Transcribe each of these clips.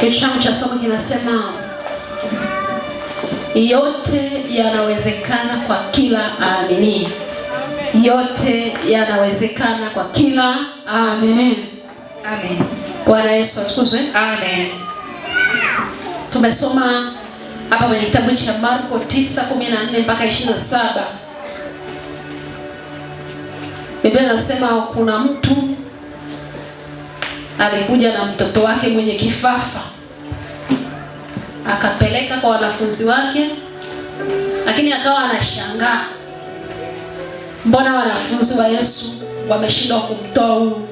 Kichwa cha somo kinasema yote yanawezekana kwa kila aamini. Yote yanawezekana kwa kila aamini. Amen. Bwana Yesu atukuzwe. Amen. Tumesoma hapa kwenye kitabu cha Marko 9:14 mpaka 27. Biblia inasema kuna mtu alikuja na mtoto wake mwenye kifafa akapeleka kwa wanafunzi wake, lakini akawa anashangaa, mbona wanafunzi wa Yesu wameshindwa kumtoa huyu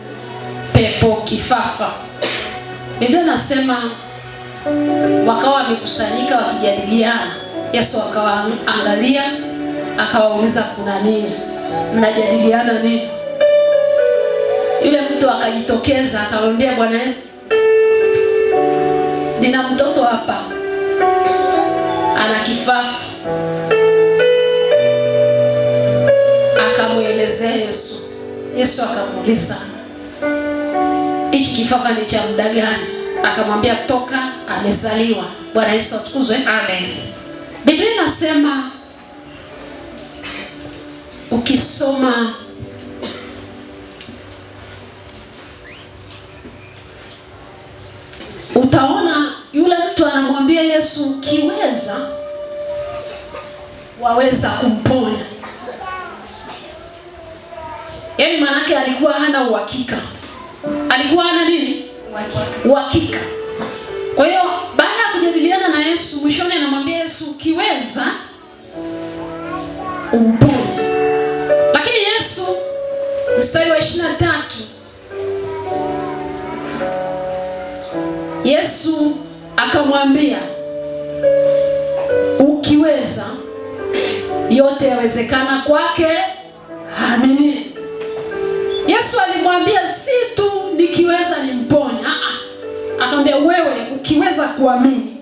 pepo kifafa? Biblia nasema wakawa wamekusanyika wakijadiliana. Yesu akawaangalia, akawauliza kuna nini, mnajadiliana nini? Yule mtu akajitokeza akamwambia, Bwana Yesu, nina mtoto hapa ana kifafa. Akamwelezea Yesu. Yesu akamuuliza hichi kifafa ni cha muda gani? Akamwambia toka amezaliwa. Bwana Yesu atukuzwe, amen. Biblia inasema ukisoma Yesu ukiweza waweza kumponya. Yaani maanake alikuwa hana uhakika, alikuwa hana nini? Uhakika. Kwa hiyo baada ya kujadiliana na Yesu, mwishoni anamwambia Yesu, ukiweza umponye. Lakini Yesu, mstari wa ishirini na tatu Yesu akamwambia yote yawezekana kwake. Amini. Yesu alimwambia si tu nikiweza nimponya, ah, ah. akamwambia wewe ukiweza kuamini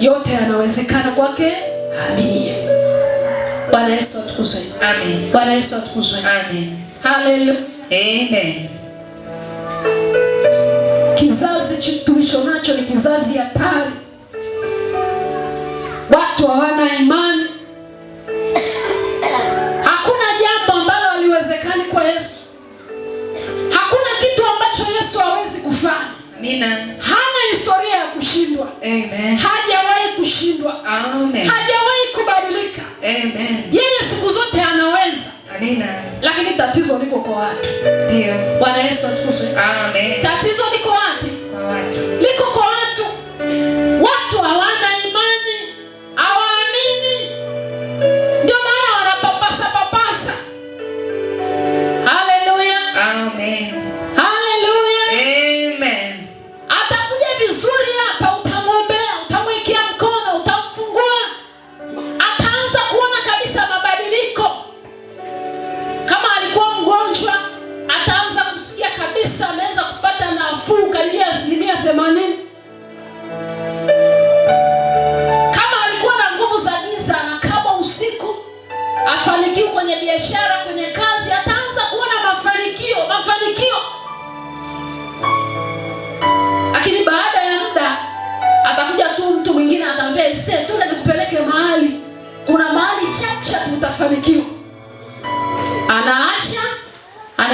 yote yanawezekana kwake. Amini. Bwana Yesu atukuzwe. Amen. Bwana Yesu atukuzwe. Amen. Hallelujah. Amen. Kizazi tulicho nacho ni kizazi hatari, watu hawana imani hana historia ya kushindwa, hajawahi kushindwa, hajawahi kubadilika. Yeye siku zote anaweza Amina. Lakini tatizo liko kwa watu. Ndio. Bwana Yesu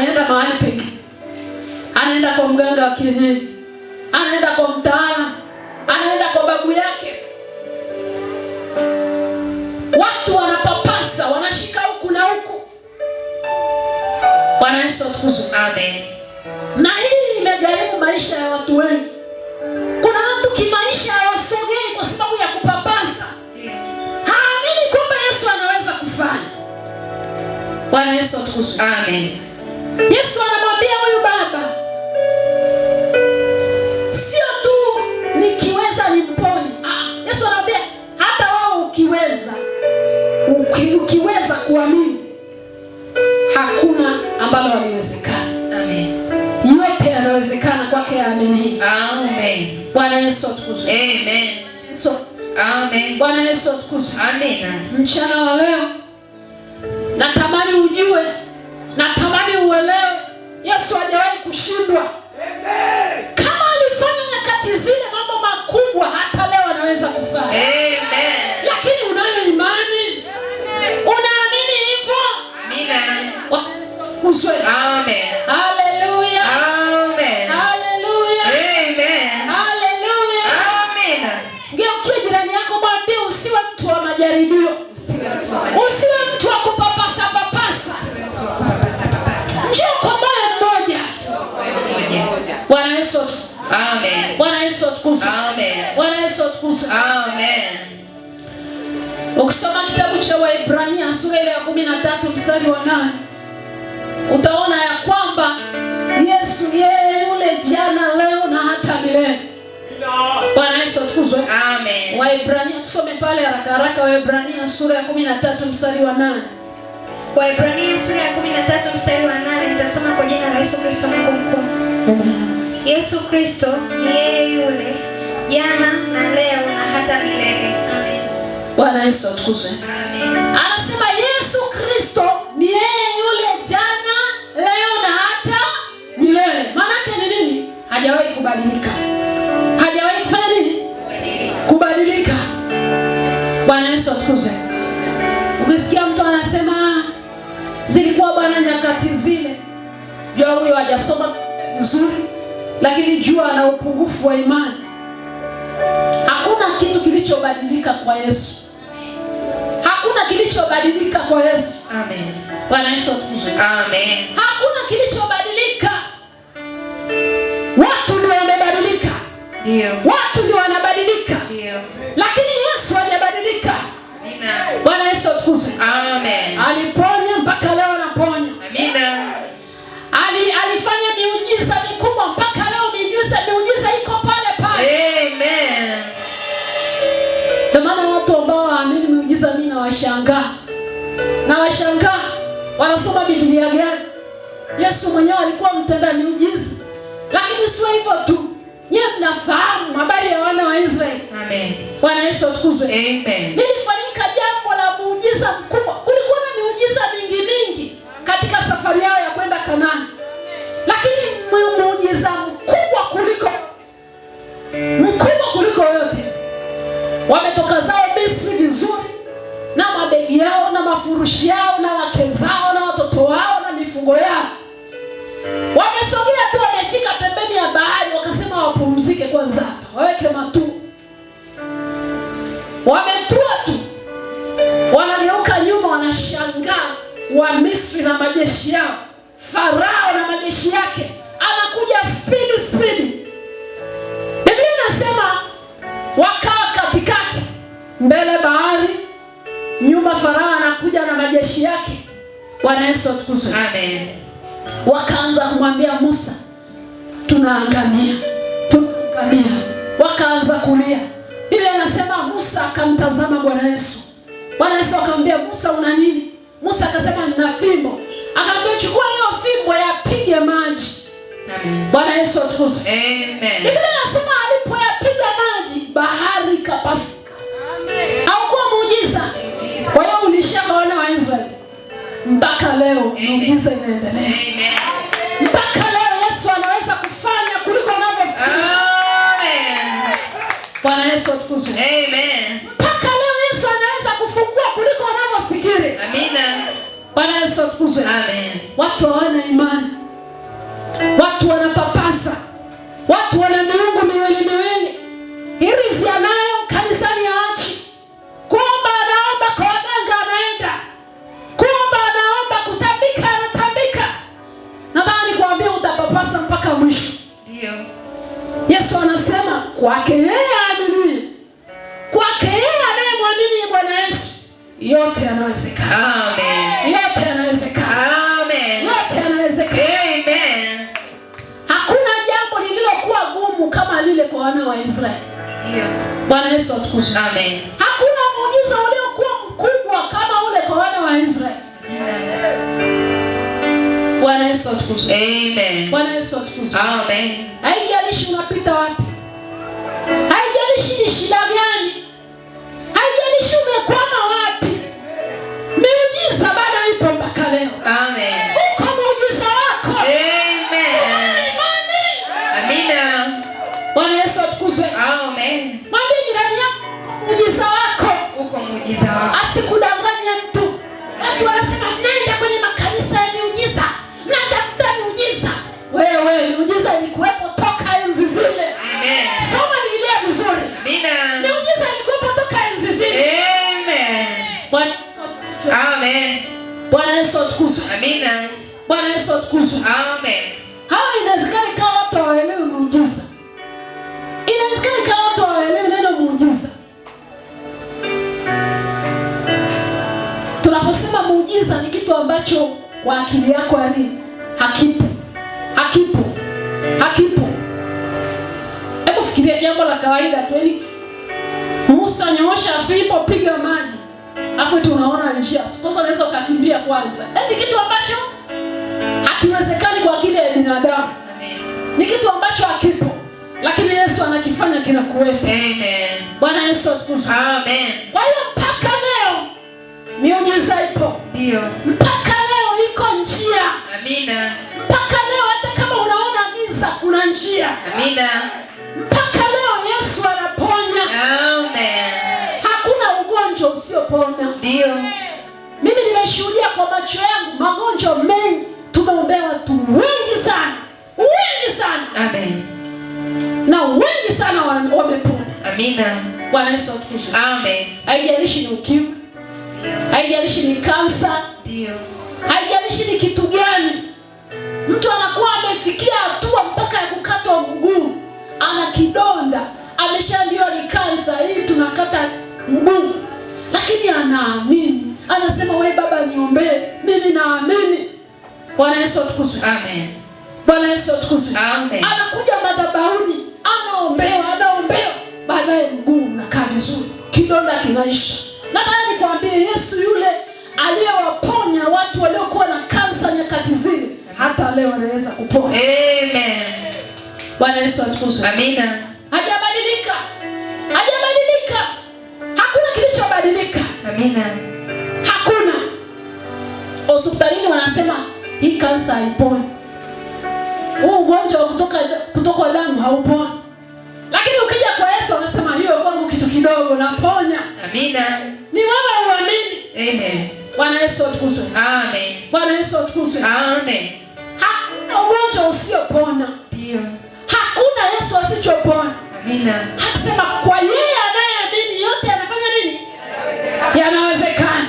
anaenda mahali peke, anaenda kwa mganga wa kienyeji, anaenda kwa mtaala, anaenda kwa babu yake. Watu wanapapasa, wanashika huku na huku. Bwana Yesu atukuzwe, amen. Na hii imegharimu maisha ya watu wengi. Kuna watu kimaisha hawasogei kwa sababu ya kupapasa, haamini kwamba Yesu anaweza kufanya. Bwana Yesu atukuzwe, amen. Yesu anamwambia huyu baba, sio tu nikiweza nimpone. Ah, Yesu anamwambia hata wao ukiweza, uki, ukiweza kuamini hakuna ambalo haliwezekana. Amen. Yote yanawezekana kwake aamini. Amen. Bwana Yesu atukuzwe. Amen. Yesu. Amen. Bwana Yesu atukuzwe. Amen. Mchana wa leo natamani ujue natamani uelewe, Yesu hajawahi kushindwa. Kama alifanya nyakati zile mambo makubwa, hata leo anaweza kufanya. Lakini unayo imani, unaamini hivyo? Amen. kitabu cha Waebrania sura ile ya kumi na tatu mstari wa nane utaona ya kwamba Yesu yeye yule jana, leo na hata milele. Bwana Yesu atukuzwe. Amen. Waebrania tusome pale haraka haraka, Waebrania sura ya kumi na tatu mstari wa nane Waebrania sura ya kumi na tatu mstari wa nane nitasoma kwa jina la Yesu Kristo Mungu mkuu. Yesu Kristo ni yeye yule jana na leo na hata milele. Bwana Yesu atukuzwe. Anasema Yesu Kristo ni yeye yule jana, leo na hata milele. Maana yake ni nini? Hajawahi kubadilika, hajawahi kufanya nini? Kubadilika. Bwana Yesu atukuzwe. Ukisikia mtu anasema zilikuwa bwana nyakati zile, jua huyo hajasoma vizuri, lakini jua ana upungufu wa imani. Hakuna kitu kilichobadilika kwa Yesu kilichobadilika kwa Yesu. Amen. Bwana Yesu atukuzwe. Amen. Hakuna kilichobadilika. Watu ndio wamebadilika. Ndio. Yeah. anasoma Biblia gani? Yesu mwenyewe alikuwa mtenda miujiza. Lakini sio hivyo tu. Nyewe mnafahamu habari ya wana wa Israeli. Amen. Bwana Yesu atukuzwe. Amen. Nilifanyika jambo la muujiza mkuu anashangaa wa Misri na majeshi yao, Farao na majeshi yake, anakuja speed speed. Biblia inasema wakaa katikati, mbele bahari, nyuma Farao anakuja na majeshi yake. Bwana Yesu atukuzwe, amen. Wakaanza kumwambia Musa, tunaangamia, tunaangamia. Wakaanza kulia. Biblia inasema Musa akamtazama Bwana Yesu Bwana Yesu akamwambia Musa, una nini? Musa akasema nina fimbo. Akamwambia chukua hiyo fimbo, yapige maji. Amen. Bwana Yesu atukuzwe. Amen. Biblia inasema alipoyapiga maji bahari ikapasuka. Amen. Haukuwa muujiza. Kwa hiyo ulishakaona wa Israeli. Mpaka leo muujiza inaendelea. Amen. Mpaka leo Yesu anaweza kufanya kuliko anavyofanya. Amen. Bwana Yesu atukuzwe. Amen. Bwana Yesu atukuzwe. Amen. Watu hawana imani. Bwana Yesu atukuzwe. Amen. Hakuna muujiza uliokuwa mkubwa kama ule kwa wana wa Israeli. Bwana Yesu atukuzwe. Amen. Bwana Yesu atukuzwe. Amen. Haijalishi unapita wapi. Haijalishi ni shida gani. asikudanganye mtu. Watu wanasema nenda kwenye makanisa ya miujiza, natafuta miujiza. Wewe miujiza ilikuwepo toka enzi zile. Soma Biblia vizuri, miujiza ilikuwepo toka enzi zile. Bwana Yesu atukuzwe. Bwana Yesu atukuzwe. Amen. ambacho kwa akili yako yani hakipo hakipo hakipo. Hebu fikiria jambo la kawaida tu, yani Musa, nyoosha fimbo, piga maji, afu tu unaona njia. Sasa unaweza ukakimbia kwanza, yani eh, kitu ambacho hakiwezekani kwa akili ya binadamu, ni kitu ambacho hakipo, lakini Yesu anakifanya kinakuwepo. Amen. Bwana Yesu atukuzwe. Amen. Kwa hiyo mpaka Miujiza ipo ndio, mpaka leo iko njia. Amina. Mpaka leo hata kama unaona giza, kuna njia. Amina. Mpaka leo Yesu anaponya. Amen. Hakuna ugonjwa usiopona. Ndio. Mimi nimeshuhudia kwa macho yangu magonjwa mengi, tumeombea watu wengi sana, wengi sana. Amen. Na wengi sana wamepona. Amina. Bwana Yesu atukuzwe. Amen. Haijalishi ni ukimwi haijalishi ni kansa, haijalishi ni kitu gani. Mtu anakuwa amefikia hatua mpaka ya kukatwa mguu, ana kidonda, ameshaambiwa ni kansa, hii tunakata mguu, lakini anaamini, anasema wewe Baba, niombee, mimi naamini. Bwana Yesu atukuzwe, amen. Bwana Yesu atukuzwe, amen. Anakuja madhabahuni, anaombewa, anaombewa, baadaye mguu unakaa vizuri, kidonda kinaisha. Nataka nikwambie Yesu yule aliyewaponya watu waliokuwa na kansa nyakati zile, hata leo anaweza kupona. Amen. Bwana Yesu atukuzwe. Amina. Hajabadilika, hajabadilika, hakuna kilichobadilika. Amina. Hakuna. Hospitalini wanasema hii kansa haiponi, huu ugonjwa wa kutoka kutoka damu hauponi, lakini ukija kwa Yesu anasema hiyo kwangu kitu kidogo, naponya. Amina. Ni wewe uamini. Amen. Bwana Yesu atukuzwe. Amen. Bwana Yesu atukuzwe. Amen. Hakuna ugonjwa usiopona. Ndio. Hakuna Yesu asichopona. Amina. Hakisema kwa yeye anayeamini yote anafanya nini? Yanawezekana.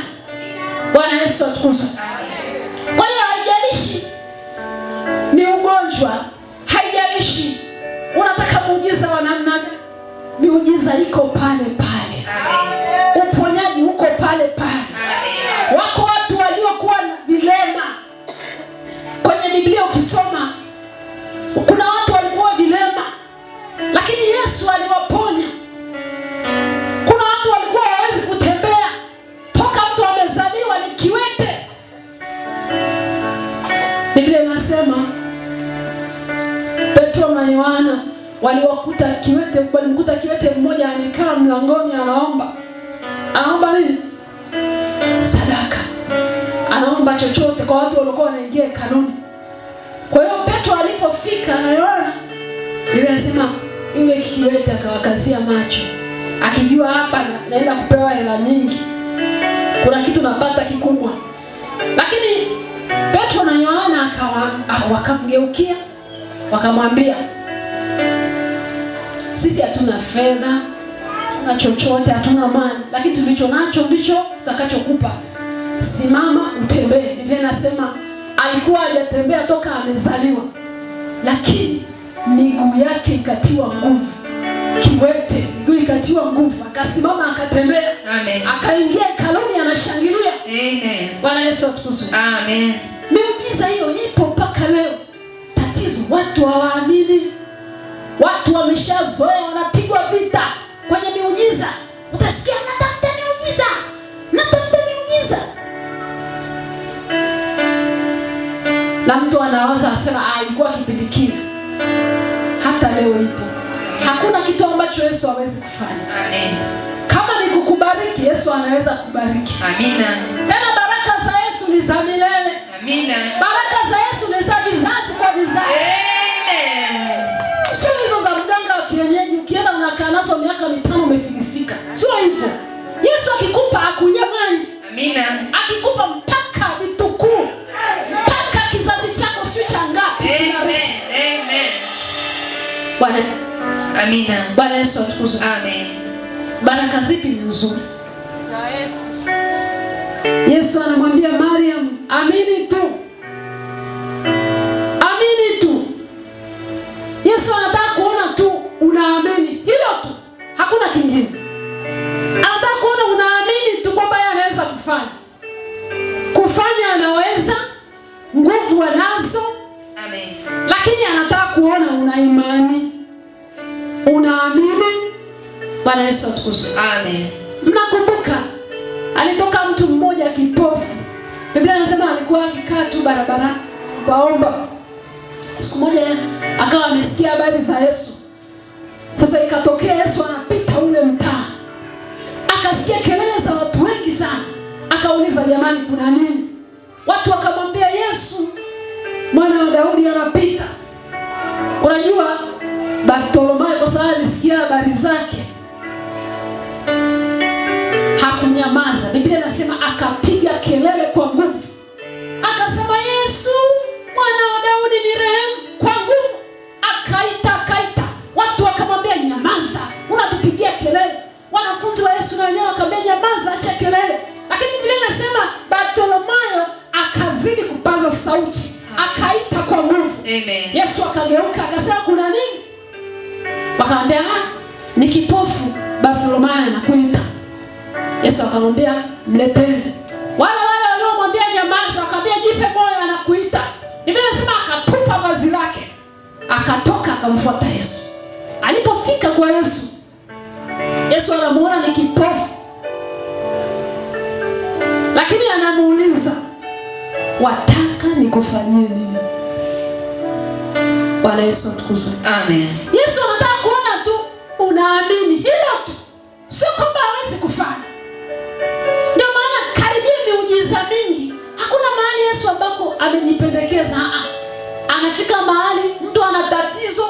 Bwana Yesu atukuzwe. Amen. Kwa hiyo haijalishi ni ugonjwa, haijalishi unataka muujiza wa namna, miujiza iko pale pale. Amen. Kuna watu walikuwa vilema, lakini Yesu aliwaponya. Kuna watu walikuwa hawezi kutembea, toka mtu amezaliwa ni kiwete. Biblia inasema Petro na Yohana waliwakuta kiwete, walimkuta kiwete mmoja amekaa mlangoni, anaomba anaomba nini? Sadaka, anaomba chochote kwa watu walikuwa wanaingia kanuni. Kwa hiyo alipofika analiona, yule, anasema yule kikiwete akawakazia macho, akijua hapa naenda kupewa hela nyingi, kuna kitu napata kikubwa. Lakini Petro na Yohana ah, wakamgeukia, wakamwambia sisi hatuna fedha, na chochote, hatuna mali, lakini tulicho nacho ndicho tutakachokupa. Simama utembee. Biblia inasema alikuwa hajatembea toka amezaliwa lakini miguu yake ikatiwa nguvu, kiwete miguu ikatiwa nguvu, akasimama akatembea, akaingia kaloni anashangilia. Bwana Yesu atukuzwe. Amen. Miujiza hiyo ipo mpaka leo. Tatizo watu hawaamini, watu wameshazoea, wanapigwa vita kwenye miujiza. Utasikia na mtu anaweza asema ah, ilikuwa kipindi kile. Hata leo ipo. Hakuna kitu ambacho Yesu hawezi kufanya. Amen. Kama ni kukubariki, Yesu anaweza kubariki. Amina. Tena baraka za Yesu ni za milele. Amina. Baraka za Yesu ni za vizazi kwa vizazi. Amen. Sio hizo za mganga wa kienyeji, ukienda unakaa nazo miaka mitano umefilisika. Sio hivyo. Yesu akikupa akunyang'anyi. Amina. Akikupa Bwana Amina. Bwana Yesu atukuzwe. Amen. Baraka zipi ni nzuri? Yesu anamwambia Mariam, amini tu, amini tu. Yesu anataka kuona tu unaamini, hilo tu, hakuna kingine. Anataka kuona unaamini tu kwamba yeye anaweza kufanya, kufanya anaweza, nguvu anazo. Amen. Lakini anataka kuona unaimani Unaamini? Bwana Yesu atukuzwe. Amen. Mnakumbuka alitoka mtu mmoja kipofu. Biblia inasema alikuwa akikaa tu barabarani kwaomba. Siku moja akawa amesikia habari za Yesu. Sasa ikatokea Yesu anapita ule mtaa, akasikia kelele za watu wengi sana, akauliza jamani, kuna nini? Watu wakamwambia Yesu mwana wa Daudi anapita. Unajua Bartolo Amen. Yesu akageuka akasema kuna nini? Wakaambia ah, ni kipofu Bartholomayo anakuita. Yesu akamwambia mletee. Wale wale waliomwambia nyamaza, akamwambia jipe moyo, anakuita. Biblia akatupa vazi lake, akatoka akamfuata Yesu. Alipofika kwa Yesu, Yesu anamuona ni kipofu, lakini anamuuliza wataka nikufanyie nini? Bwana Yesu atukuzwe. Amen. Yesu anataka kuona tu unaamini hilo tu, sio kwamba hawezi kufanya. Ndio maana karibia miujiza mingi, hakuna mahali Yesu ambako amejipendekeza. Anafika mahali mtu ana tatizo,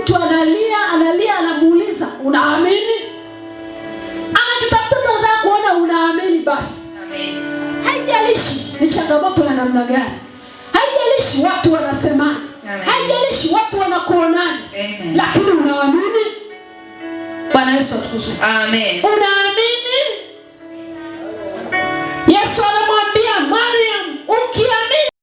mtu analia, analia, anamuuliza unaamini? Anachotafuta tu anataka kuona unaamini basi. Amen. Haijalishi ni changamoto la namna gani, haijalishi watu wanasema haijalishi watu wanakuonani, lakini unaamini. Bwana Yesu atukuzwe. Amen. Unaamini